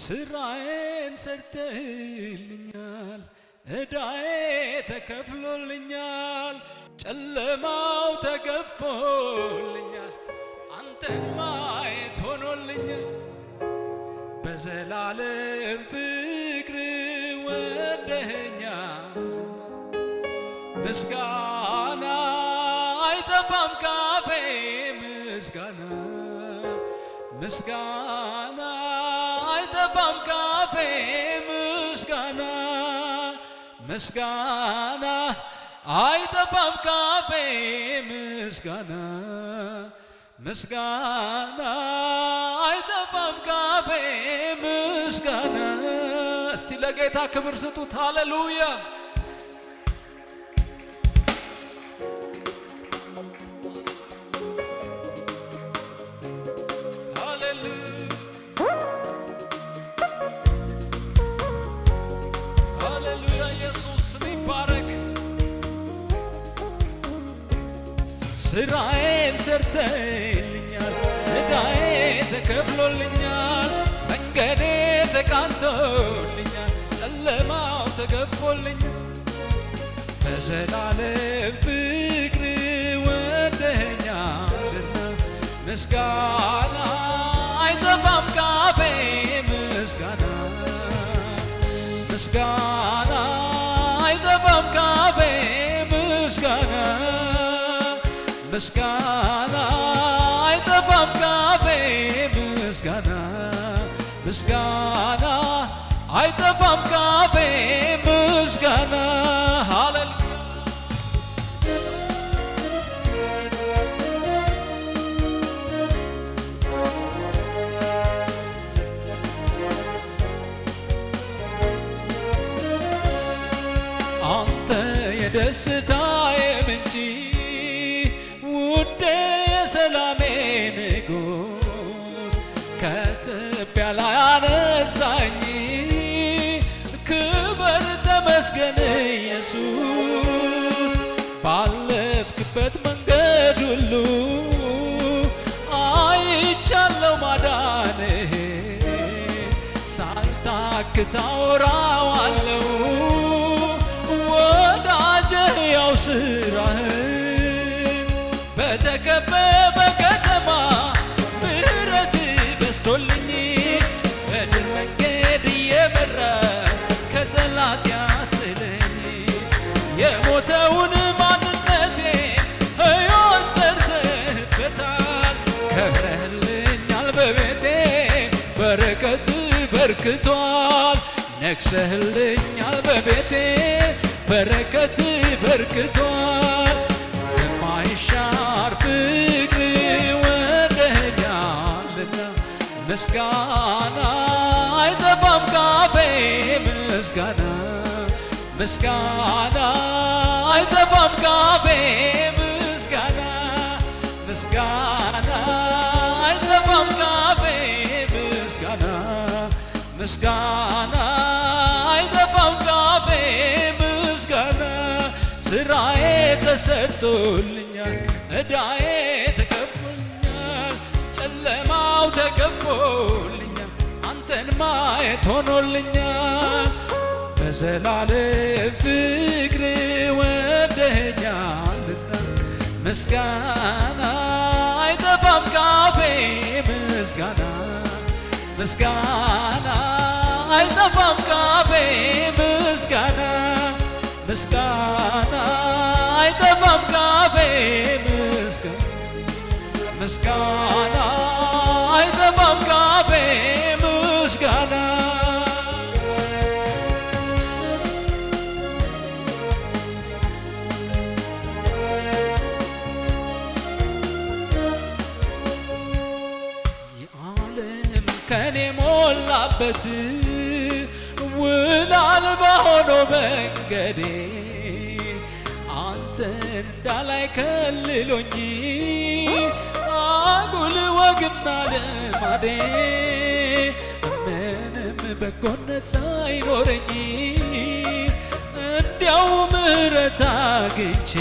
ስራዬን ሰርተህልኛል፣ እዳዬ ተከፍሎልኛል፣ ጨለማው ተገፎልኛል፣ አንተን ማየት ሆኖልኛል። በዘላለም ፍቅር ወደኸኛል፣ ምስጋና አይጠፋም ካፌ ምስጋና ምስጋና ሰላም ካፌ ምስጋና ምስጋና አይጠፋም ካፌ ምስጋና ምስጋና አይጠፋም ካፌ ምስጋና። እስቲ ለጌታ ክብር ስጡት። ሃሌሉያ ሰርተልኛል፣ እዳዬ ተከፍሎልኛል፣ መንገዴ ተቃንቶልኛል፣ ጨለማው ተገፎልኛል። በዘላለም ፍቅር ወደኛልና ምስጋና አይጠፋም ካፌ ምስጋና ምስጋና አይጠፋም ካፌ ምስጋና ምስጋና ምስጋና አይጠፋም ካፌ ምስጋና ሃሌሉ አንተ የደስታ ረሳኝ ክብር ተመስገን ኢየሱስ ባለፍክበት መንገድ ሁሉ አይቻለው ማዳንህ ሳልታክት አወራዋለው ወዳጄ ያውስ በረከት በርክቷል ነግሰህልኛል በቤቴ በረከት በርክቷል የማይሻር ፍቅር ወደኛልና ምስጋና አይጠፋም ካፌ ምስጋና ምስጋና አይጠፋም ካፌ ምስጋና ምስጋና ምስጋና አይጠፋም ካፌ ምስጋና ስራዬ ተሰጥቶልኛል እዳዬ ተከፍሎልኛል ጨለማው ተከፍሎልኛል አንተን ማየት ሆኖልኛል በዘላለም ፍቅር ወደኛልና ምስጋና አይጠፋም ካፌ ምስጋና ምስጋና አይጠፋም ካፌ ምስጋና ምስጋና አይጠፋም ካፌ ምስጋና ምስጋና ከኔ ሞላበት ውል አልባ ሆኖ መንገዴ አንተ እንዳላይ ከልሎኝ አጉል ወግና ልማዴ ምንም በጎነት ሳይኖረኝ እንዲያው ምሕረት አግኝቼ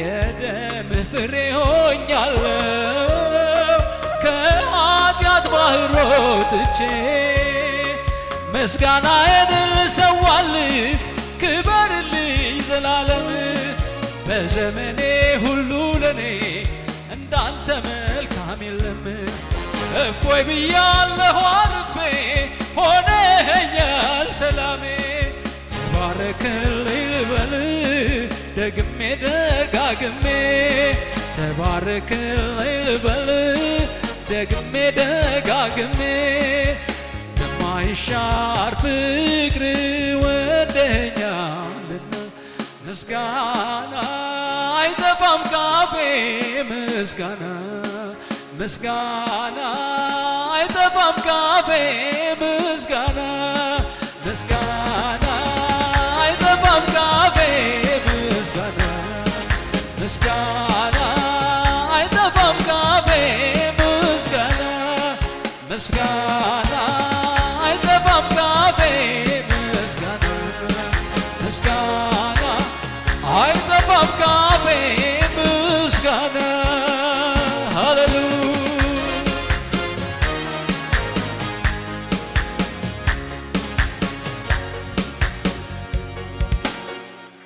የደም ፍሬ ሆኛለሁ። ባህሮ መስጋና ምስጋናዬን ሰዋል ክበርልኝ ዘላለም በዘመኔ ሁሉ ለኔ እንዳንተ መልካም የለም። እፎይ ብያለሁ ሆነ ሆነኸኛል ሰላሜ ተባረክልኝ ልበል ደግሜ ደጋግሜ ተባረክልኝ ልበል ደግሜ ደጋግሜ በማይሻር ፍቅር ወደኛልና ምስጋና አይጠፋም ካፌ ምስጋና ምስጋና አይጠፋም ካፌ ምስጋና ምስጋና አይጠፋም ካፌ ምስጋና ምስጋና God.